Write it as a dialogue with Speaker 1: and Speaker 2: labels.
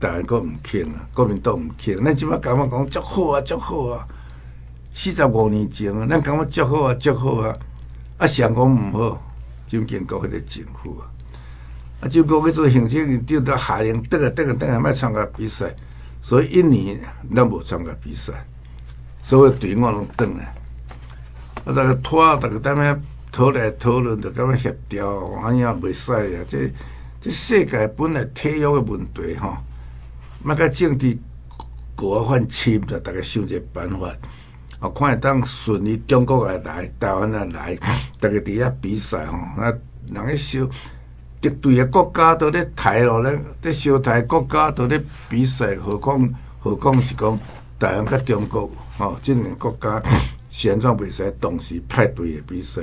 Speaker 1: 逐個毋傾啊，國民黨都唔傾。咱即擺咁樣講足好啊，足好啊！四十五年前，咱講話足好啊，足好啊！啊，想講毋好，就見到迄個政府啊。啊，就講佢做形式，政員，屌得閪，得啊得啊得啊，唔係參加比賽。所以一年咱無參加比賽，所有隊員攏轉來。啊，逐個拖啊，逐個踮遐討論討論，就咁協調，調，咁樣袂使啊！即即世界本來體育嘅問題吼。麥個政治國犯深，就大家想一個辦法，哦，看會當順利中國來台、台灣來，大家底下比賽吼，那人家少敵對嘅國家都咧睇咯，咧，啲少睇國家都咧比賽，何況何況是講台灣甲中國吼，這兩個國家旋轉比賽同時派隊嘅比賽。